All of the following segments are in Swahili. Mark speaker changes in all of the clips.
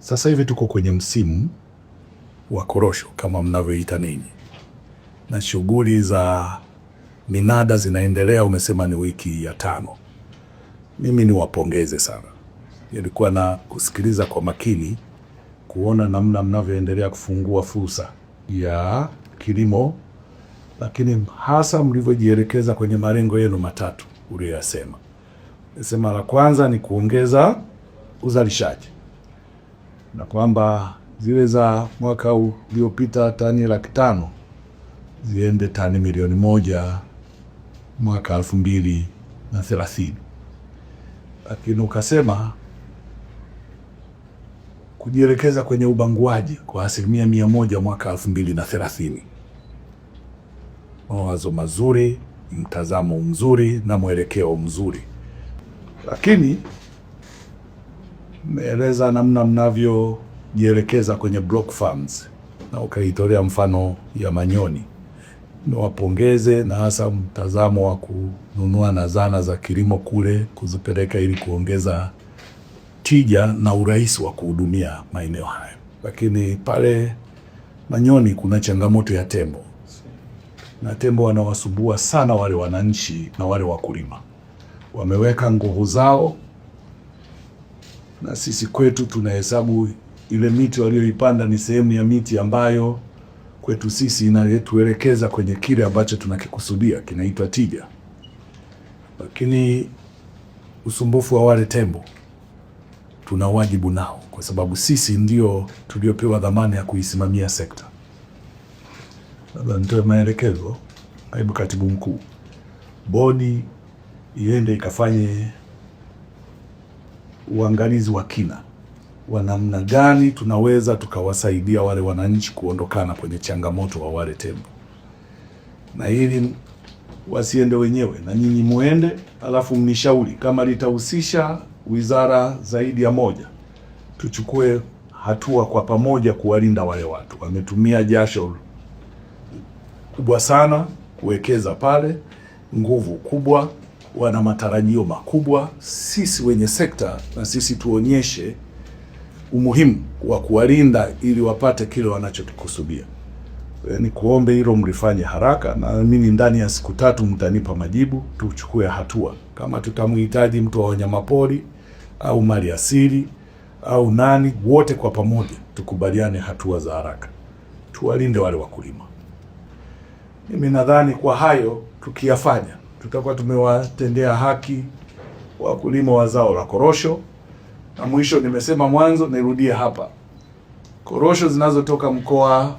Speaker 1: Sasa hivi tuko kwenye msimu wa korosho kama mnavyoita ninyi, na shughuli za minada zinaendelea. Umesema ni wiki ya tano. Mimi niwapongeze sana, nilikuwa na kusikiliza kwa makini kuona namna mnavyoendelea kufungua fursa ya kilimo, lakini hasa mlivyojielekeza kwenye malengo yenu matatu uliyoyasema. Nimesema la kwanza ni kuongeza uzalishaji na kwamba zile za mwaka uliopita tani laki tano ziende tani milioni moja mwaka elfu mbili na thelathini. Lakini ukasema kujielekeza kwenye ubanguaji kwa asilimia mia moja mwaka elfu mbili na thelathini. Mawazo mazuri, mtazamo mzuri na mwelekeo mzuri, lakini eleza namna mnavyojielekeza kwenye block farms na ukaitolea mfano ya Manyoni. Niwapongeze na hasa mtazamo wa kununua na zana za kilimo kule kuzipeleka ili kuongeza tija na urahisi wa kuhudumia maeneo hayo. Lakini pale Manyoni kuna changamoto ya tembo, na tembo wanawasumbua sana wale wananchi na wale wakulima, wameweka nguvu zao na sisi kwetu tunahesabu ile miti walioipanda ni sehemu ya miti ambayo kwetu sisi inatuelekeza kwenye kile ambacho tunakikusudia kinaitwa tija. Lakini usumbufu wa wale tembo tuna wajibu nao, kwa sababu sisi ndio tuliopewa dhamana ya kuisimamia sekta. Labda nitoe maelekezo, naibu katibu mkuu, bodi iende ikafanye uangalizi wa kina wa namna gani tunaweza tukawasaidia wale wananchi kuondokana kwenye changamoto wa wale tembo, na ili wasiende wenyewe, na nyinyi muende, alafu mnishauri kama litahusisha wizara zaidi ya moja, tuchukue hatua kwa pamoja kuwalinda wale watu. Wametumia jasho kubwa sana kuwekeza pale, nguvu kubwa wana matarajio makubwa. Sisi wenye sekta na sisi tuonyeshe umuhimu wa kuwalinda ili wapate kile wanachokikusudia. E, Ni kuombe hilo mlifanye haraka, naamini ndani ya siku tatu mtanipa majibu, tuchukue hatua. Kama tutamhitaji mtu wa wanyamapori au mali asili au nani, wote kwa pamoja tukubaliane hatua za haraka, tuwalinde wale wakulima. Mimi nadhani kwa hayo tukiyafanya tutakuwa tumewatendea haki wakulima wa zao la korosho. Na mwisho, nimesema mwanzo, nirudie hapa, korosho zinazotoka mkoa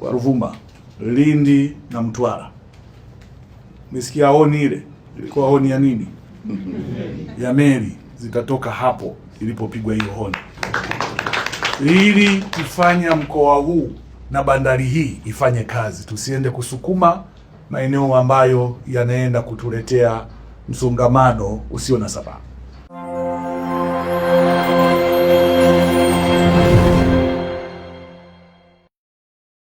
Speaker 1: wa Ruvuma, Lindi na Mtwara. Mesikia honi ile ilikuwa honi ya nini? ya meli, zitatoka hapo ilipopigwa hiyo honi, ili kufanya mkoa huu na bandari hii ifanye kazi, tusiende kusukuma maeneo ambayo yanaenda kutuletea msongamano usio na sababu.